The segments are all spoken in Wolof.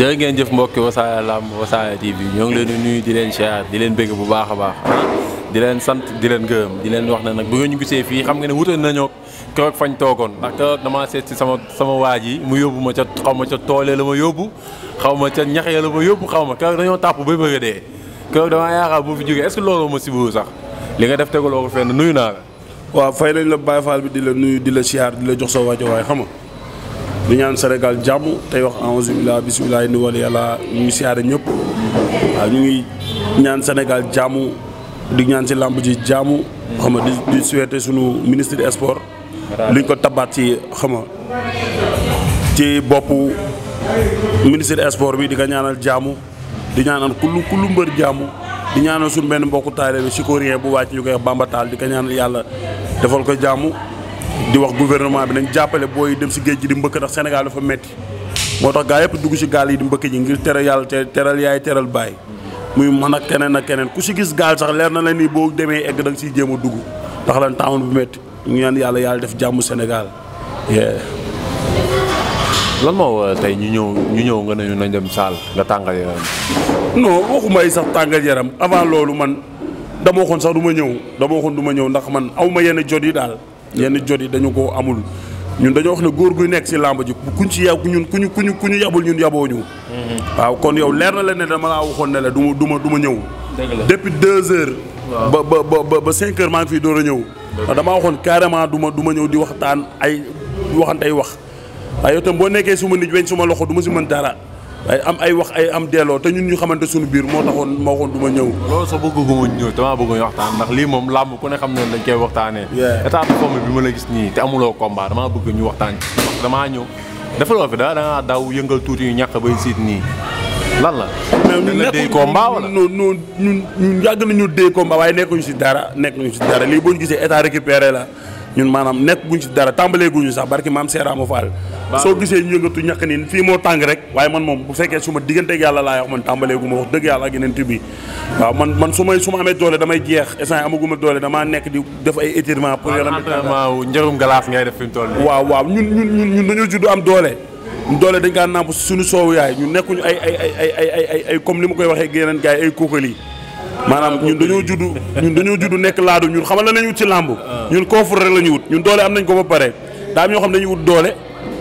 jërë ngeen jëf mbokki Wassare Lamb Wassare TV ñoo ngi leen nuyu di leen siyaar di leen bëgg bu baax a baax di leen sant di leen gërëm di leen wax na nag bu ngeen ñu gisee fii xam nga ne wutal nañoo keroog fañ toogoon ndax keroog damaa seet si sama sama waaj yi mu yóbbu ma ca xaw ma ca toole la ma yóbbu xaw ma ca ñax ya la ma yóbbu xaw ma keroog dañoo tàpp ba bëgg a dee keroog damaa yaakaar bu fi jógee est looloo que loolu ma sibiru sax li nga def tegaloo ko fenn nuyu naa waaw fay lañ la Baye bi di la nuyu di la siyaar di la jox sa waajo waay xam di ñaan Sénégal jàmm tey wax a'uuzu billaahi bismillaahi ni wali yàlla ñu ngi siyaare ñëpp waaw ñu ngi ñaan Sénégal jàmm di ñaan si làmb ji jàmm xam nga di di sunu ministre des sports luñ ko tabaat ci xam ci boppu ministre des bi di ko ñaanal jàmm di ñaanal kullu kullu mbër jàmm di ñaanal suñu benn mbokku taale bi si ko rien bu wàcc ñu koy bambataal di ko ñaanal yàlla defal ko jàmm di wax gouvernement bi nañ jàppale booy dem si géej gi di mbëkk ndax Sénégal dafa metti moo tax gaa yëpp dugg si gaal yi di mbëkk ji ngir tere yàlla te teral yaay teral baay muy man ak keneen ak keneen ku si gis gaal leer na la ni boo demee egg da siy jéem a dugg ndax lan bu metti ñu ñaan yàlla yàlla def jàmm Sénégal. lan moo euh, tey ñu ñëw ñu ñëw nga nañu nañ dem saal nga tàngal yaram. non waxuma yi sax tàngal yaram avant loolu man dama waxoon sax du ma ñëw dama waxoon du ma ñëw ndax man aw ma yenn jot yi daal. yenn jot yi dañu ko amul ñun dañoo wax ne góor guy nekk si làmb ji kuñ ci yàgg ñun kuñu kuñu ku ñu yabul ñun yaboo ñu. Mhm. waaw kon yow leer na la ne dama laa waxoon ne la duma ma du ma ñëw. depuis deux heures. ba ba ba ba cinq maa ngi fi door a ñëw. dama waxoon carrément duma du ma ñëw di waxtaan ay waxante ay wax waaye itam boo nekkee su ma nit weñ suma loxo duma si mën dara. ay am ay wax ay am delloo te ñun ñu xamante suñu biir moo taxoon moo waxoon du ma ñëw. loolu sax bëgg ko woon ñëw damaa bëgg waxtaan ndax lii moom làmb ku ne xam ne dañ koy waxtaanee. état de forme ma la gis nii amuloo combat bëgg ñu waxtaan ci damaa ñëw defaloo fi da dangaa yëngal tuuti ñu bay siit nii lan la. mais day combat wala ñun ñun ñun yàgg nañu dee combat waaye nekkuñu si dara nekkuñu si dara lii boo gisee état récupéré la. ñun maanaam nekk guñ ci dara tàmbalee sax barki maam seeraama faal soo gisee ñu yëngatu ñàkk ni fii moo tàng rek waaye man moom bu fekkee su ma diggante ak yàlla laay wax man tàmbalee gu ma wax dëgg yàlla ak waaw su may su ma amee doole damay jeex instant amaguma doole damaa nekk def ay étirement pour yaram njërum galaas def fi mu toll waaw waaw ñun ñun ñun juddu am doole doole dañ kaa nàmp suñu soowu yaay ñu nekkuñu ay ay ay ay comme li ma koy waxee yeneen gars yi ay kóokali maanaam ñun dañoo judd ñun dañoo judd nekk laadu ñun xamal la nañu wut ci làmb ah. ñun koofur rek la ñuy wut ñun doole am nañ ko ba pare daa ñoo xam dañuy wut doole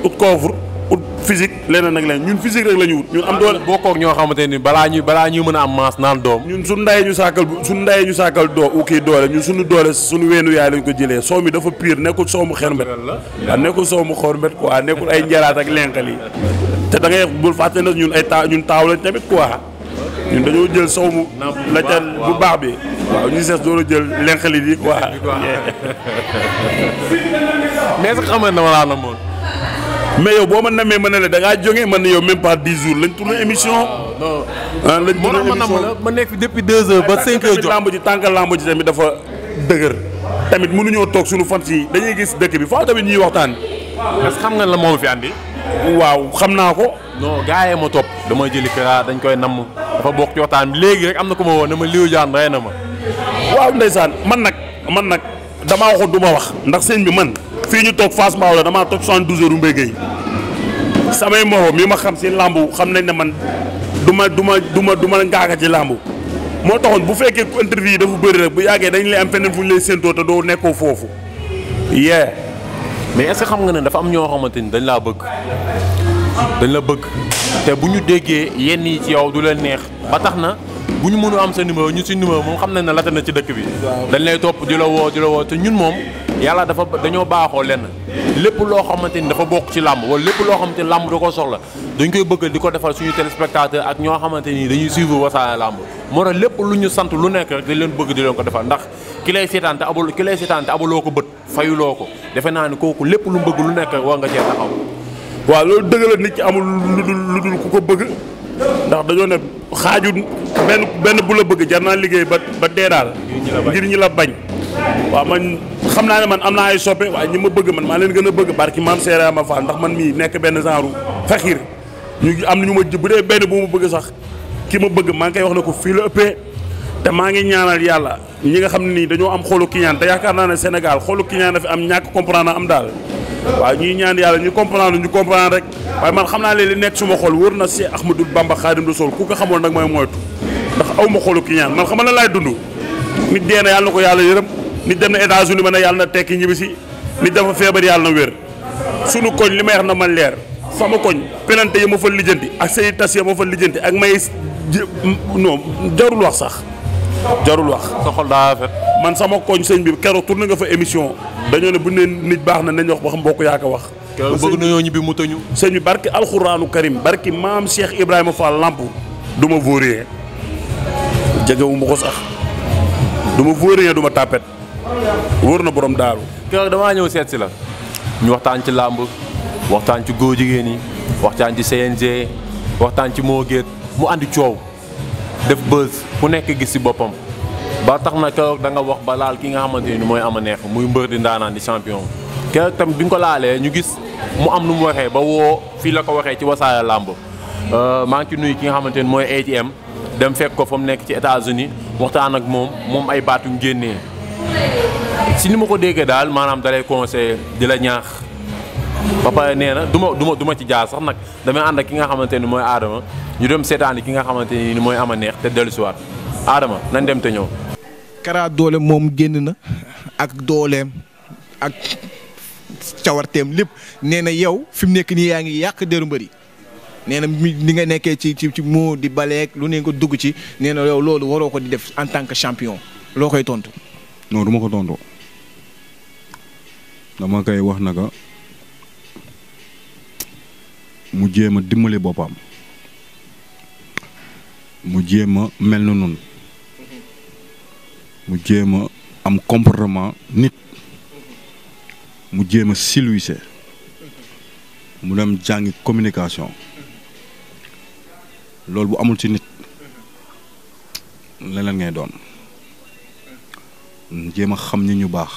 ut koofur ut physique leneen nag leneen ñun physique rek la ñuy wut ñun am ah, doole bokkook ñoo xamante ni balaa ñuy balaa ñuy mën a am maas naan doom ñun su ndayee ñu sàkkal suñu ndayee ñu sàkkal doo kii doole ñun suñu doole suñu weenu yaay lañ ko jëlee soow mi dafa pire nekkul soow mu xermbet waaw ah, nekkul soow mu xormbet quoi nekkul ay njaraat ak lenqal yi te da ngay bul fàtte na ñun ay ta ñun taaw lañ tamit quoi ñun dañoo jël sow mu. la ca bu baax bi. waaw ñu sees doolu jël lenqali di quoi. mais sax xam nga dama laa namoon. mais yow boo ma namee ma ne la da ngaa jógee man yow même pas dix jours lañ tourné émission. non ah, lañ tourné émission ma nekk fi depuis deux heures ba cinq heures jot lamb ji tànk tamit dafa dëgër. tamit mënuñoo toog suñu fan si dañuy gis dëkk bi faaw tamit ñuy waxtaan. parce que xam nga la moom fi andi. waaw xam naa ko. non gars ma topp dama jëli Kara dañ koy nam dafa bokk ci waxtaan léegi rek am na ko ma woo ma Liou Diane na ma. waaw ndeysaan man nag man nag damaa waxoon du ma wax. ndax sëñ bi man fii ñu toog Fass Mbao la damaa toog 72 heures mbéy samay moo yi ma xam seen làmb xam nañ ne man du ma du ma du ma du ma ngaaga ci làmb moo taxoon bu fekkee interview yi dafa bëri rek bu yàggee dañ lay am feneen fu ñu lay séentoo te doo nekkoo foofu yee. mais est-ce xam nga ne dafa am ñoo xamante ni dañ laa bëgg dañu la bëgg te bu ñu déggee yenn yi ci yow du leen neex ba tax na bu ñu mënu am sa numéro ñu si numéro moom xam nañ ne latte na ci dëkk bi dañ lay topp di la woo di la woo te ñun moom yàlla dafa dañoo baaxoo lenn lépp loo xamante ni dafa bokk ci làmb wala lépp loo xamante ni làmb da ko soxla dañ koy bëgg di ko defal suñu téléspectateur ak ñoo xamante ni dañuy suivre Wassare Làmb moo tax lépp lu ñu sant lu nekk rek bëgg di ko defal ndax ki lay seetaan te abul ki lay seetaan te abuloo ko bët fayuloo ko defe naa ne kooku lépp lu mu bëgg lu nekk war nga cee taxaw. waaw loolu dëgg nit ci amul lu dul ku ko bëgg ndax dañoo ne xaaju benn benn bu la bëgg jar naa liggéey ba ba dee daal ngir ñi la bañ waaw man xam naa ne man am naa ay soppe waaye ñi ma bëgg man maa leen gën a bëgg barki maam seeraama faal ndax man mii nekk benn genre faxiir ñu am na ñu ma bu dee benn bu ma bëgg sax ki ma bëgg maa ngi koy wax na ko fii la ëppee te maa ngi ñaanal yàlla ñi nga xam ne nii dañoo am xoolu kiñaan te yaakaar naa ne Sénégal xoolu kiñaan dafa am ñàkk comprendre am daal waaw ñuy ñaan yàlla ñu comprendre ñu comprendre rek waaye man xam naa leen li nekk suma xol wër na ma Ahmadou Bamba Xaadim Rasuul ku ko xamoon nag mooy moytu ndax aw ma xoolu kiñaan man xam na laay dund nit dee na yàlla na ko yàlla yërëm nit dem na États-Unis ma ne yàlla na tekki ñibbisi nit dafa feebar yàlla na wér sunu koñ li may wax na man leer sama koñ penante yi ma fa lijjanti ak say tas yi ma fa lijjanti ak may non jarul wax sax jarul wax. sa xol man sama koñ sëñ bi keroog tourné nga fa émission. dañoo ne bu ne nit baax na nañ wax ba xam mbokk yaa ko wax. bëgg nañoo ñibbi mu tëñu. sëñ bi barki alxuraanu karim barki maam Cheikh Ibrahima Fall Lamp du ma vaurien jegewu ma ko sax du ma vaurien tàppet wóor na borom daaru. keroog damaa ñëw seet si la. ñu waxtaan ci làmb waxtaan ci góor jigéen yi waxtaan ci CNG waxtaan ci moo mu andi coow def buzz ku nekk gis si boppam ba tax na keroog da nga wax ba laal ki nga xamante ni mooy am ama neex muy mbër di ndaanaan di champion keroog tamit bi nga ko laalee ñu gis mu am nu mu waxee ba woo fii la ko waxee ci wasaare làmb euh, maa ngi ci nuyu ki nga xamante ni mooy ATM dem fekk ko fa mu nekk ci états uni waxtaan ak moom moom ay baatu génnee si ni ma ko déggee daal maanaam dalay conseillé di la ñaax. ba pare nee na duma ma du ci jaar sax nag damay ànd ak ki nga xamante ni mooy aadama ñu dem seetaani ki nga xamante ni mooy ama neex te dellusiwaat aadama nañ dem te ñëw. Kara doole moom génn na ak dooleem ak cawarteem lépp nee na yow fi mu nekk nii yaa ngi yàq deru mbëri nee na ni nga nekkee ci ci ci moo di baleeg lu nekk dugg ci nee na yow loolu waroo ko di def en tant que champion loo koy tontu. non du ma ko tontu dama koy wax naka mu jéem a dimbali boppam mu jéem a mel na nun mu jéem a am comportement nit mu jéem a silwise mu dem jàngi communication loolu bu amul ci nit leneen ngay doon jéem a xam ni ñu baax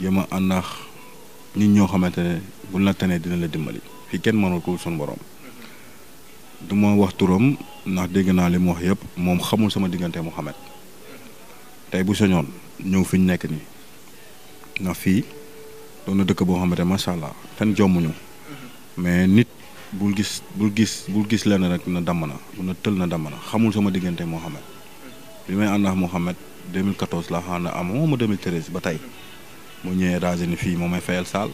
jéem a àndax nit ñoo xamante ne bu na tenee dina la dimbali fii kenn mënul ko suñu borom du ma wax turam ndax dégg naa li mu wax yëpp moom xamul sama diggante Mouhamed tey bu soñoon ñëw fi ñu nekk nii ndax fii doon dëkk boo xamante macha allah fenn jommuñu mais nit bul gis bul gis bul gis lenn rek na damm na na tël na damm na xamul sama diggante Mouhamed bi may ànd ak Mouhamed 2014 laa xam ne amoo ma 2013 ba tey mu ñëwee états fii moo may fayal saal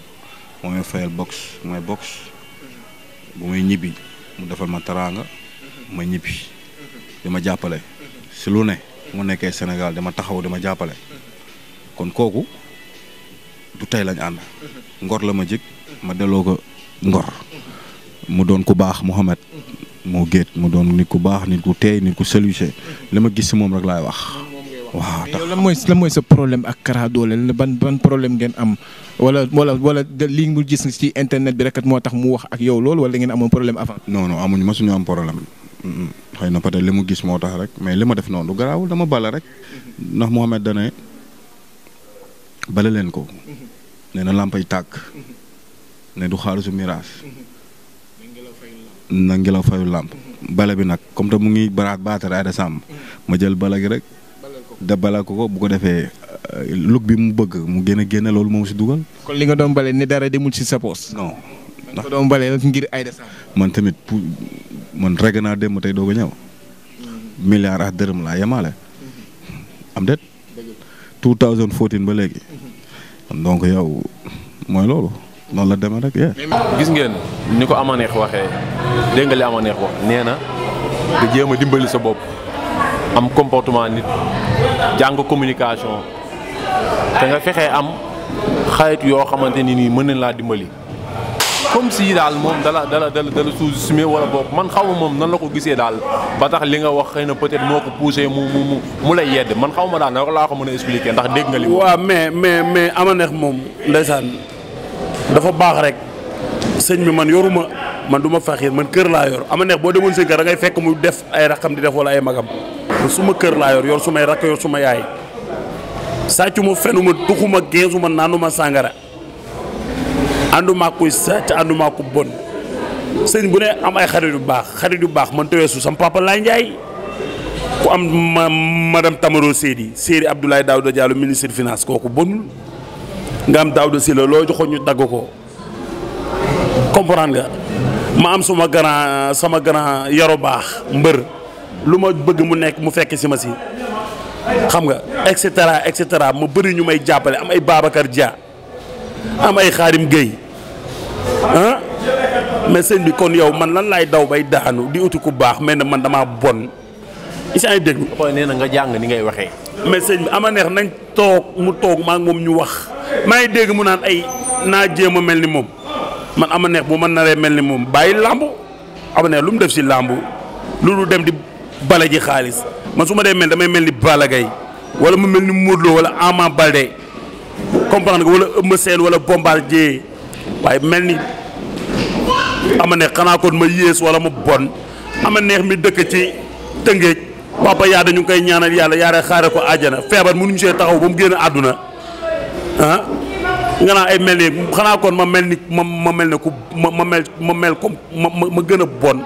moo may fayal box mooy box bu may ñibbi mu defal ma taraanga ma ñibbi di ma jàppale si lu ne mu nekkee Sénégal ma taxaw dama jàppale kon kooku du tey lañ ànd ngor la ma jëkk ma delloo ko ngor mu doon ku baax Mouhamed moo géet mu doon nit ku baax nit ku teey nit ku solution la ma gis si moom rek laay wax waaw tax la mooy lan mooy sa problème ak Kara Dollé ban ban problème ngeen am wala wala wala li mu gis ci internet bi rek moo tax mu wax ak yow loolu wala da ngeen amoon problème avant. non non amuñu masuñu am problème xëy na peut-être li mu gis moo tax mais li ma def noonu du garaawul dama bala rek ndax Mouhamed dane bala leen ko nee na làmpay tàkk ne du xaalisu miraas na ngelaw fayu làmp bala bi nag comme te mu ngi baraat baatare Aida ma jël bala gi rek da bala ko bu ko defee Euh, look bi mu bëgg mu gën a génne loolu moom si dugal. kon li nga doom bale ni dara demul si sa poos. non ndax ko doon bale ngir Aida Samb. man tamit pour man reg naa dem tey doog a ñëw. milliard ak dërëm laa yemaale. Mm-hmm. am déet. ba léegi. Mm-hmm. donc yow mooy loolu. noonu la demee rek gis ngeen ni ko Amaneex waxee dégg nga li wax nee na nga jéem a dimbali sa bopp am comportement nit jàng communication. te nga fexe am xarit yoo xamante ni nii mën nañ laa dimbali. comme si daal moom dala dala dala dala sous-estimé wala boog man xaw ma moom nan la ko gisee daal ba tax li nga wax xëy na peut-être moo ko poussé mu mu mu lay yedd man xaw ma daal naka laa ko mën a expliqué ndax dégg nga li. waaw mais mais mais Amanekh moom ndeysaan dafa baax rek sëñ bi man yoruma man du ma faxiir man kër laa yor Amanekh boo demoon seen kër da ngay fekk mu def ay raxam di def wala ay magam man kër laa yor yor su may rakk yor yaay. sàccuma fenuma duxuma geesuma naanuma sàngara ànduma kuy sàcc ànduma ku bon sëñ bu ne am ay xarit yu baax xarit yu baax man teweesu sam papa laay njaay ku am ma madame Tamaro Seydi Seydi Abdoulaye Daouda Diallo ministre finance kooku bonul nga am Daouda Sylla loo joxoon ñu dagg ko comprendre nga ma am suma grand sama grand yaro baax mbër lu ma bëgg mu nekk mu fekk si ma si xam nga et cetera et cetera ma bari ñu may jàppale am ay Babacar Dia am ay Xaarim Gueye ah mais sëñ bi kon yow man lan laay daw bay daanu di uti ku baax mel ne man dama bon is ay déglu. xool nee jàng ni ngay waxee. mais sëñ bi ama neex nañ toog mu toog maa moom ñu wax maa ngi dégg mu naan ay naa jéem a mel ni moom man ama neex bu ma naree mel ni moom bàyyi làmb ama neex lu mu def si làmb loolu dem di bale ji xaalis. man su ma dee mel damay mel ni Balla Gaye wala mu mel ni Modou Lo wala Ama Baldé comprendre nga wala Eumeu Sène wala Bombardier waaye mel ni ama neex xanaa kon ma yées wala ma bon ama neex mi dëkk ci Tëngéej papa yaa dañu koy ñaanal yàlla yaare xaare ko àjjana feebar mënuñu see taxaw ba mu génn àdduna ah nga naa ay mel ni xanaa kon ma mel ni ma ma mel ne ku ma ma mel ma mel comme ma ma gën a bon.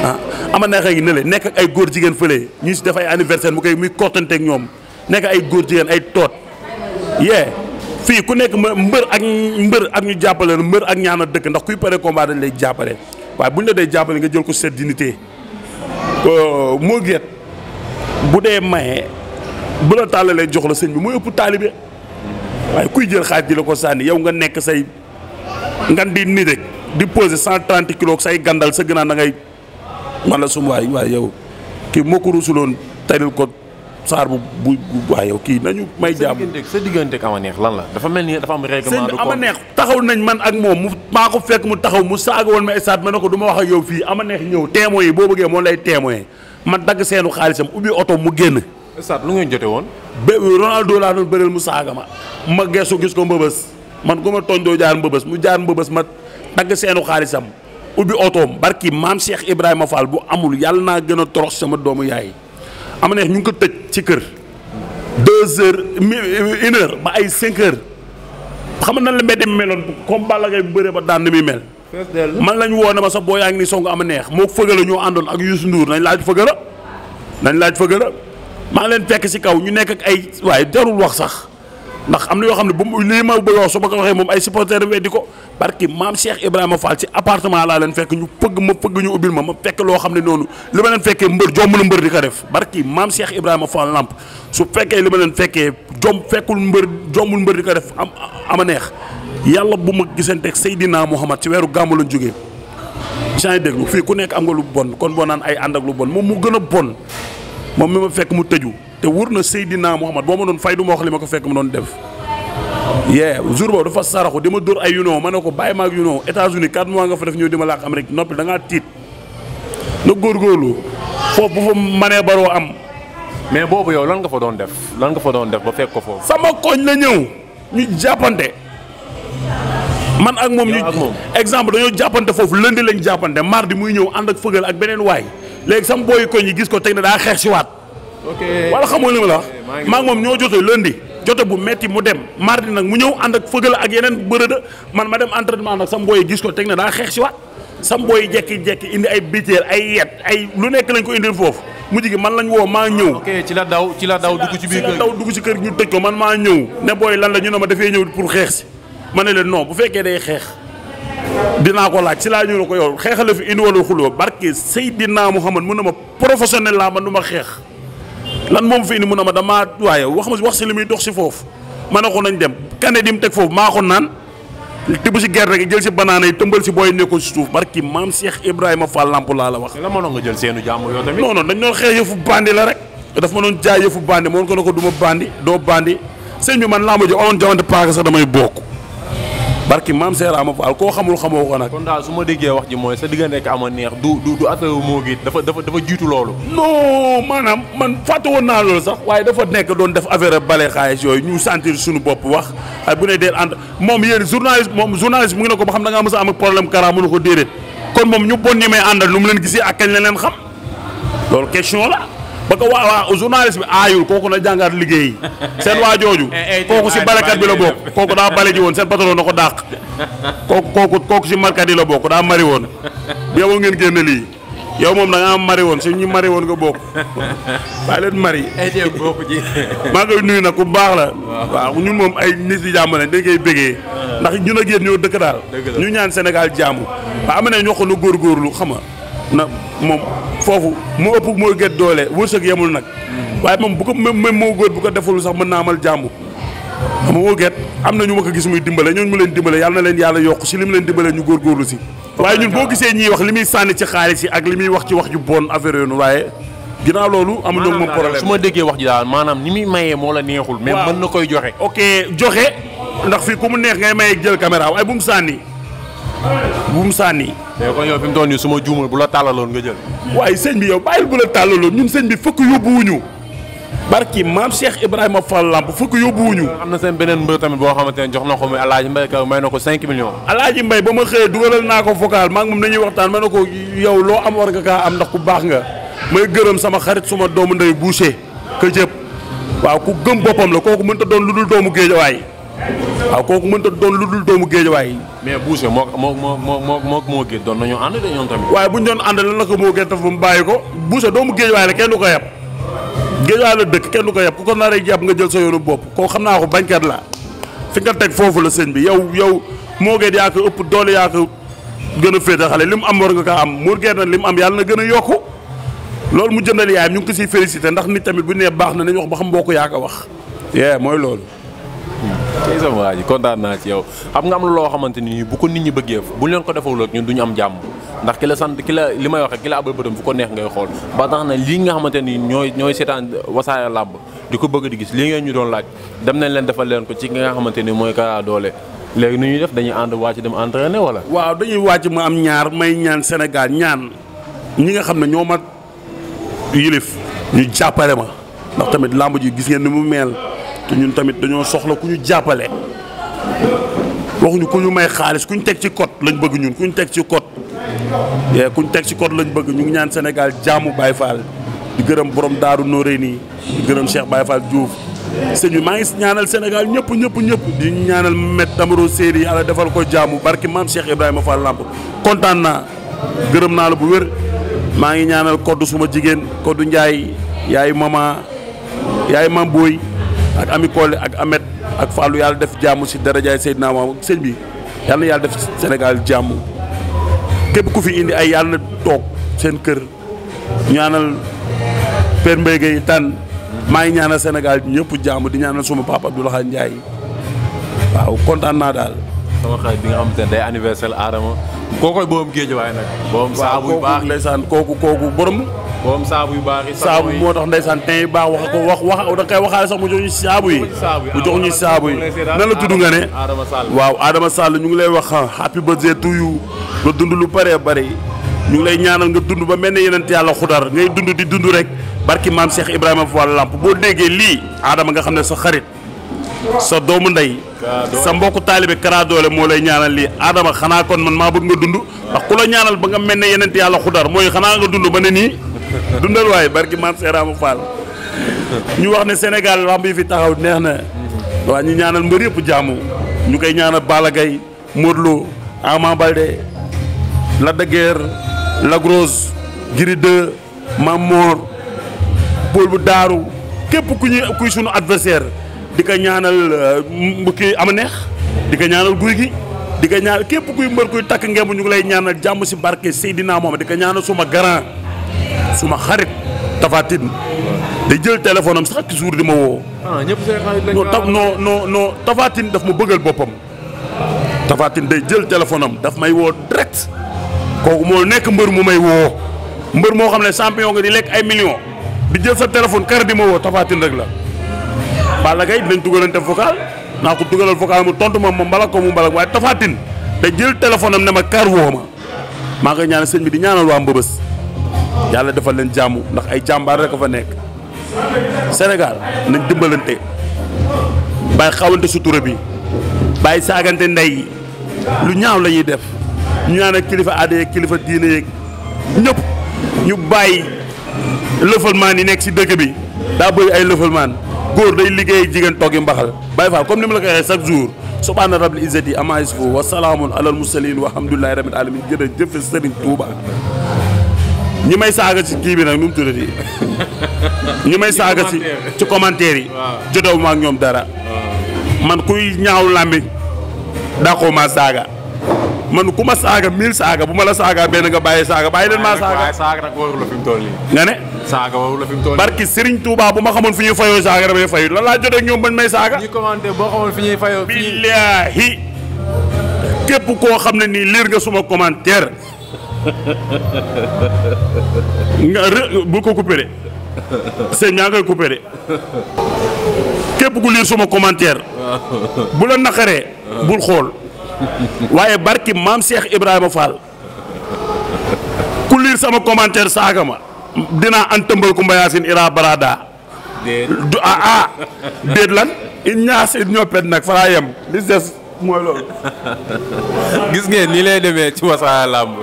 ah ama neexee ngi ne le nekk ak ay góor jigéen fële ñu si def ay anniversaire mu koy muy kortante ak ñoom nekk ay góor jigéen ay toot yee fii ku nekk mbër ak mbër ak ñu jàppale mbër ak ñaana dëkk ndax kuy pare combat dañ lay jàppale waaye bu ñu la dee jàppale nga jël ko set dignité moo geet bu dee maye bu la tàllalee jox la sëñ bi mooy ëpp taalibe waaye kuy jël xaaj di la ko sànni yow nga nekk say ngan di nit rek di poser cent trente kilos say gandal sa gënaan ngay man la sum waay waay yow kii moo ko rusuloon taril ko saar bu bu waay yow kii nañu may jàmm sa diggante ak ama neex lan la dafa mel ni dafa am règlement du neex taxaw nañ man ak moom mu maa ko fekk mu taxaw mu saaga woon ma stade ma ne ko du ma wax ak yow fii ama neex ñëw teemoo yi boo bëggee moom lay témoin ma dagg seenu xaalisam ubbi oto mu génn stade lu ngeen jote woon ba Ronaldo laa doon bëreel mu saaga ma ma geesu gis ko mbëbës man ku ma tooñ doo jaar mbëbës mu jaar mbëbës ma dagg seenu xaalisam ubbi otoom barki maam Cheikh Ibrahima Fall bu amul yàlla naa gën a torox sama doomu yaay am neex ñu ngi ko tëj ci kër deux heures une ba ay cinq heures xam na la mbedd mi meloon comme Balla Gaye bu bëree ba daan ni muy mel. man lañu woo ne ma sa boo yaa ngi ni song am neex moo fëgala ñoo àndoon ak Youssou Ndour nañ laaj fëgala nañ laaj fëgala maa ngi leen fekk si kaw ñu nekk ak ay waaye jarul wax sax. ndax am na yoo xam ne bu mu lii ma bëgg wax su ma ko waxee moom ay supporters weddi ko barki maam Cheikh Ibrahima Fall ci appartement laa leen fekk ñu pëgg ma pëgg ñu ubbil ma ma fekk loo xam ne noonu li ma leen fekkee mbër jomb na mbër di ko def barki maam Cheikh Ibrahima Fall lamp su fekkee li ma leen fekkee jom fekkul mbër jombul mbër di ko def am ama neex yàlla bu ma gisanteeg Seydina Muhammad ci weeru gàmmu lañ jógee saa ngi déglu fii ku nekk am nga lu bon kon boo naan ay ànd ak lu bon moom mu gën a moom mi ma fekk mu tëju. te wur na Seydina Muhammad boo ma doon fay du ma wax li ma ko fekk ma doon def yee jour boobu dafa saraxu di ma dóor ay Yuno ma ne ko bàyyi ma ak Yuno États-Unis quatre mois nga fa def ñëw di ma làq Amérique noppi da ngaa tiit na góorgóorlu foofu bu fa manee baroo am. mais boobu yow lan nga fa doon def lan nga fa doon def ba fekk ko foofu. sama koñ la ñëw ñu jàppante. man ak moom ñu exemple dañoo jàppante foofu lundi lañ jàppante mardi muy ñëw ànd ak fëgal ak beneen waay léegi sama booyu yi gis ko teg na daa xeex wala xamoo li ma la wax eh, maa ngi moom ñoo jote lundi jote bu metti mu dem mardi nag mu ñëw ànd ak fëgal ak yeneen bërëda man ma dem entraînement nag sam booy gis ko teg na daa xeex si waat sam booy jekki-jekki indi ay biteel ay yet ay lu nekk lañ ko indil foofu mujj gi man lañ woo maa ñëw. ok la daw ci la daw dugg ci biir kër gi ci kër gi ñu tëj man maa ñëw. ne booy lan la ñu ne ma dafay ñëw pour xeex si ma ne leen non bu fekkee day xeex dinaa ko laaj si laa ñu ne ko yow xeexal la fi indi wala xuloo barke Seydina Mouhamad mun na ma professionnel laa man du ma xeex. lan moom fii indi mu a ma damaa waaye wax ma wax si li muy dox si foofu ma a ko nañ dem kane foofu maa ko naan tibb si gerte gi jël si banaana yi tëmbal si booy nekkoon si suuf barki maam Cheikh a Fall lamp laa la wax. lan mënoon nga jël seenu jàmm yow tamit. non non dañ doon xeex yëfu bandi la rek daf ma doon jaay yëfu moom ko ko du ma bandi doo bandi ma jox amoon jawante paaka sax damay bokk barki maam seera ma faal koo xamul xamoo ko nag. kon daal su ma déggee wax ji mooy sa diggante ak Ama Neex du du du affaire moo gi dafa dafa jiitu loolu. non maanaam man fàtte woon naa loolu sax waaye dafa nekk doon def affaire bale xaalis yooyu ñu sentir suñu bopp wax ay bu ne dee ànd moom yéen journaliste moom journaliste mu ngi ne ko ba xam da ngaa mës a am problème kara mënu ko déedéet kon moom ñu bon ñi may àndal nu mu leen gisee ak kañ la leen xam loolu question la. ba ko waa waa journaliste bi aayul kooku na jàngaat liggéey seen waa jooju eh, eh, kooku si balekat bi la bokk kooku daa bale ji woon seen patron na ko dàq kooku kooku kooku si markat yi la bokk daa mari woon bi yow ngeen génn lii yow moom da am mari woon su ñu mari woon nga bokk bàyyi leen mari eh, maa ngi koy nuyu nag ku baax la waaw ñun moom ay nit yi jàmm lañ dañ koy bégee ah. ndax ñun ak yéen ñoo dëkk daal ñu ñaan Sénégal jàmm waa am na ñoo xam góor góorgóorlu xam nga na moom foofu moo ëpp moo gën doole wërsëg yemul nag. waaye moom bu ko même moo góor bu ko deful sax mën naa amal jàmm. xam nga gët am na ñu ma ko gis muy dimbale ñooñu mu leen dimbale yàlla na leen yàlla yokk si li leen dimbale ñu góorgóorlu si. waaye ñun boo gisee ñiy wax li muy sànni ci xaalis yi ak li muy wax ci wax ju bon affaire yoonu waaye. ginnaaw loolu amuñu ak moom problème su ma déggee wax ji daal maanaam ni muy mayee moo la neexul. mais mën na koy joxe. ok joxe ndax fii ku mu neex ngay maye jël caméra waaye bu mu sànni bu sànni. mais kon yow fi mu toll nii su ma bu la tàllaloon nga jël. waaye sëñ bi yow bàyyil bu la tàllaloon ñun sëñ bi fëkk yóbbuwuñu barki maam Cheikh Ibrahima Fall Lamp fukk yóbbuwuñu. am na seen beneen mbër tamit boo xamante ne jox na ko muy Alaaji Mbay kaw may na ko 5 millions. Alaaji Mbay ba ma xëyee dugalal naa ko vocal maa ngi moom nañuy waxtaan ma ne ko yow loo am war nga kaa am ndax ku baax nga. may gërëm sama xarit suma doomu ndey Boucher. këjëb waaw ku gëm boppam la kooku mënta doon lu dul doomu géejawaay waaw kooku mënut doon lu dul doomu géejawaay yi. mais Boucher moo moo moo moo moo moo gën doon nañoo ànd de ñoom tamit. waaye bu doon ànd lan la ko moo gën def mu bàyyi ko Boucher doomu géejawaay la kenn du ko yab géejawaay la dëkk kenn du ko yab ku ko nar a jàpp nga bopp koo xam naa ko bañkat la fi teg foofu la sëñ bi yow yow moo gën yaa ko ëpp doole yaa ko gën a féete xale li mu am war nga kaa am mu gën na li mu am yàlla na gën a yokku loolu mu jëndal yaayam ñu ngi ko siy félicité ndax nit tamit bu nee baax na nañ wax ba xam boo ko yaa ko wax yee mooy loolu tey sama waa ji kontaan naa ci yow xam nga am loo xamante ni bu ko nit ñi bëggee bu leen ko defawul ak ñun du ñu am jàmm ndax ki la sant ki la li may waxe ki la abal bëtam fu ko neex ngay xool ba tax na lii nga xamante ni ñooy ñooy seetaan Wassare Lamb di ko bëgg di gis lii ngeen ñu doon laaj dem nañ leen defal leen ko ci nga xamante ni mooy Kara Dollé léegi nu ñuy def dañuy ànd wàcc dem entraîné wala. waaw dañuy wàcc ma ñaar may ñaan Sénégal ñaan ñi nga xam ne ñoo ma yilif ñu jàppale ma ndax tamit lamb ji gis ngeen ni mu mel te ñun tamit dañoo soxla ku ñu jàppale waxuñu ku ñu may xaalis ku ñu teg ci kot lañ bëgg ñun ku ñu teg ci code eh, ku ñu teg ci code lañ bëgg ñu ngi ñaan senegal jaamu Baye di gërëm borom Daaru Noreyni di gërëm Cheikh Baye Fall Diouf sëñ maa ngi ñaanal senegal ñëpp ñëpp ñëpp di ñaanal met Amaro Séeri yàlla defal ko jaamu barki maam Cheikh Ibrahima Fall Lamp kontaan naa gërëm naa la bu wér maa ngi ñaanal kodd suma jigéen koddu Njaay yaay mama yaay mam booy ak Ami Kole ak Ahmed ak Fallou yàlla def jàmm si darajaay Seydina Maam sëñ bi yàlla na yàlla def Sénégal jàmm képp ku fi indi ay yàlla toog seen kër ñaanal Père Mbaye Gueye tànn maa ngi ñaanal Sénégal ñëpp jàmm di ñaanal suma papa Abdoulaye Ndiaye waaw kontaan naa daal. sama xarit bi nga xamante ne day anniversaire Adama kookoy borom géej waaye nag. borom saabu yu baax ndeysaan kooku kooku borom. borom saabu yu baax yi saabu moo tax ndeysaan tey baax wax ko wax wax da koy waxaale sax mu jox ñu saabu yi mu jox ñu saabu yi nan la tudd nga ne waaw Adama Sall ñu ngi lay wax ah, happy birthday to yu nga dund lu bëree bëri ñu ngi lay ñaanal nga dund ba mel ne yeneen yàlla xudar ngay dund di dund rek barki maam Cheikh Ibrahima Fall Lamp boo déggee lii Adama nga xam ne sa xarit sa doomu ndey sa mbokku taalibe Kara moo lay ñaanal lii Adama xanaa kon man maa bëgg nga dund ndax ku la ñaanal ba nga mel na yeneen yàlla xudar mooy xanaa nga dund ba ne nii dundal waaye barki man Seeraama Fall ñu wax ne Sénégal lamb yi fi taxaw neex na waa ñu ñaanal mbër yëpp jaamu ñu koy ñaanal Balla Gaye Modou Lo Ama lagros Lac de Guiers bu Daaru képp ku ñuy kuy sunu adversaire di ko ñaanal mbukki euh, am neex di ko ñaanal guy gi di ko ñaanal képp kuy mbër kuy takk ngemb ñu ngi lay ñaanal jàmm si barke Seydina moom di ka ñaanal suma grand suma xarit Tapha Tine da jël téléphone am chaque jour di ma woo. ah ñëpp daf ma bëggal boppam. Tapha day jël téléphone am daf may woo direct kooku moo nekk mbër mu may woo mbër moo xam ne champion nga di lekk ay million di jël sa téléphone kar di ma woo Tapha rek la. Balla Gaye dinañ dugalante vocal naa ko dugalal vocal mu tontu ma ma mbalak ko mu mbalak waaye Tapha Tine jël téléphone ne ma kar woo ma maa ngi ñaanal sëñ bi di ñaanal waa Mbëbës yàlla defal leen jàmm ndax ay jàmbaar rek a fa nekk Sénégal nañ dimbalante bàyyi xawante sutura bi bàyyi saagante ndey lu ñaaw lañuy ñuy def ñu naan kilifa aada yeeg kilifa diine yeeg ñëpp ñu bàyyi lëfalmaan yi nekk si dëkk bi daa bëri ay lëfalmaan góor day liggéey jigéen toggi mbaxal Baye Fall comme ni mu la ko waxee chaque jour subhaana rabbil izzati amma yasifun wa salaamun alal mursaliin walhamdulillahi rabbil alamin jërëjëf Serigne Touba ñi may saaga ci kii bi nag nu mu tuddati ñi may saaga ci ci commentaire yi jotewu ma ak ñoom dara man kuy ñaaw làmmiñ daa ko ma saaga man ku ma saaga mille saaga bu ma la saaga benn nga bàyyi saaga bàyyi leen maa saaga. waaye saaga nga ne. barki Serigne Touba bu ma xamoon fi ñuy fayoo saaga damay fayu lan laa jotee ak ñoom bañ may saaga. ñi commenté billaahi képp koo xam ne nii liir nga suma commentaire nga ko coupé de sëñ ñaa ngay coupé de képp ku liir suma commentaire bu la naqaree bul xool. waaye barki maam Cheikh Ibrahima Fall ku liir sama commentaire saaga ma dinaa an tëmbal ku mbayaasin ira barada du ah, ah. déet lan i ñaas it ñoppet nag fa laa yem des mooy loolu gis ngeen ni lay demee ci Wassare Lamb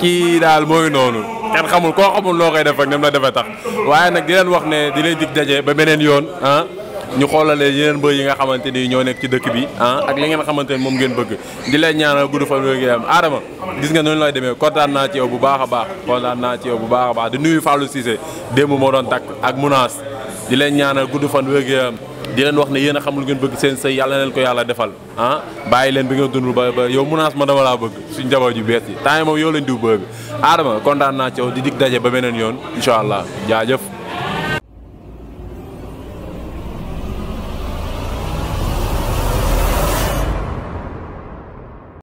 kii daal mooy noonu kenn xamul koo xamul loo koy def ak nem la defe tax waaye nag di leen wax ne di leen daje ba beneen yoon ah ñu xoolalee yeneen mbër yi nga xamante ni ñoo nekk ci dëkk bi ah ak li ngeen xamante ni moom ngeen bëgg di leen ñaanal gudd fan wér gu yaram Adama gis nga noonu lay demee kontaan naa ci yow bu baax a baax kontaan naa ci yow bu baax a baax di nuyu Fallou Cissé démb moo doon takk ak Mounas di leen ñaanal gudd fan wér gu di leen wax ne yéen a xamul ngeen bëgg seen sëy yàlla neen ko yàlla defal ah bàyyi leen bi nga dund ba yow Mounas ma dama laa bëgg suñ jabar ju bees yi temps yi moom yow lañ diw bëgg Adama kontaan naa di dig daje ba beneen yoon incha allah jaajëf